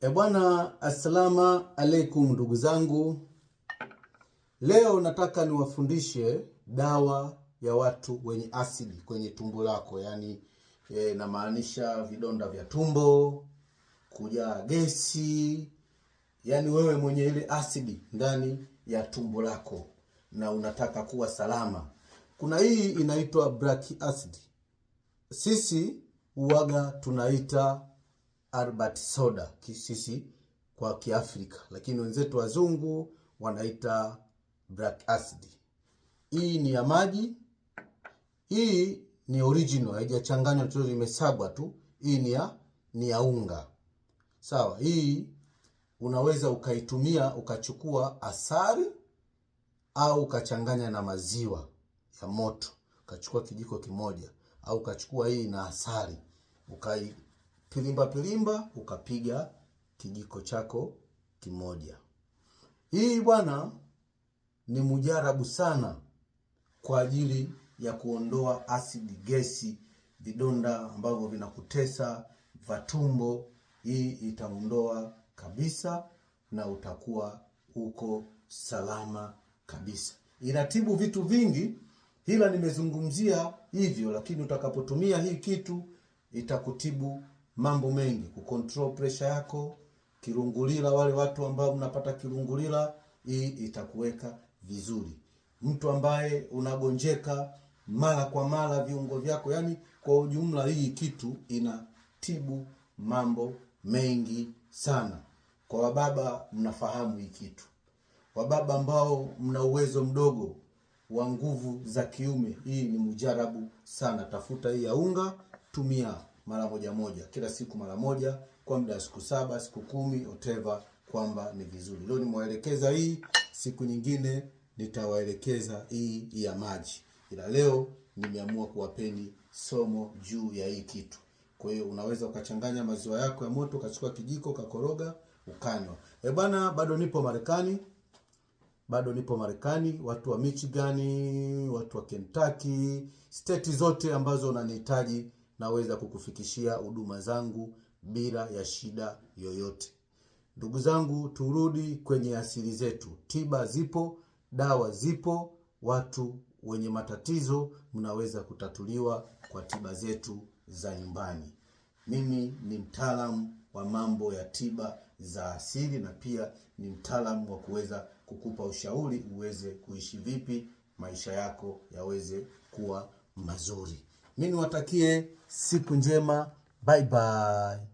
Ebwana, assalama alaikum ndugu zangu. Leo nataka niwafundishe dawa ya watu wenye asidi kwenye tumbo lako, yaani e, namaanisha vidonda vya tumbo, kujaa gesi, yaani wewe mwenye ile asidi ndani ya tumbo lako na unataka kuwa salama. Kuna hii inaitwa black acid, sisi uwaga tunaita Albert soda sisi kwa Kiafrika, lakini wenzetu wazungu wanaita black acid. Hii ni ya maji, hii ni original, haijachanganywa tu, imesagwa tu. Hii ni ya ni ya unga sawa. Hii unaweza ukaitumia ukachukua asali au ukachanganya na maziwa ya moto, ukachukua kijiko kimoja au ukachukua hii na asali ukai pilimba pilimba, ukapiga kijiko chako kimoja. Hii bwana ni mujarabu sana kwa ajili ya kuondoa asidi, gesi, vidonda ambavyo vinakutesa vya tumbo. Hii itaondoa kabisa na utakuwa uko salama kabisa. Inatibu vitu vingi, ila nimezungumzia hivyo, lakini utakapotumia hii kitu itakutibu mambo mengi, kucontrol pressure yako, kirungulila. Wale watu ambao mnapata kirungulila, hii itakuweka vizuri. Mtu ambaye unagonjeka mara kwa mara viungo vyako, yani kwa ujumla, hii kitu inatibu mambo mengi sana. Kwa wababa mnafahamu hii kitu, wababa ambao mna uwezo mdogo wa nguvu za kiume, hii ni mujarabu sana. Tafuta hii ya unga, tumia mara moja moja, kila siku mara moja kwa muda wa siku saba, siku kumi, whatever, kwamba ni vizuri. Leo nimewaelekeza hii, siku nyingine nitawaelekeza hii ya maji, ila leo nimeamua kuwapeni somo juu ya hii kitu. Kwa hiyo unaweza ukachanganya maziwa yako ya moto, ukachukua kijiko, ukakoroga, ukanywa. Eh bana, bado nipo Marekani, bado nipo Marekani. Watu wa Michigan, watu wa Kentucky, state zote ambazo unanihitaji naweza kukufikishia huduma zangu bila ya shida yoyote. Ndugu zangu, turudi kwenye asili zetu. Tiba zipo, dawa zipo, watu wenye matatizo mnaweza kutatuliwa kwa tiba zetu za nyumbani. Mimi ni mtaalamu wa mambo ya tiba za asili na pia ni mtaalamu wa kuweza kukupa ushauri uweze kuishi vipi maisha yako yaweze kuwa mazuri. Mimi niwatakie siku njema. Bye bye.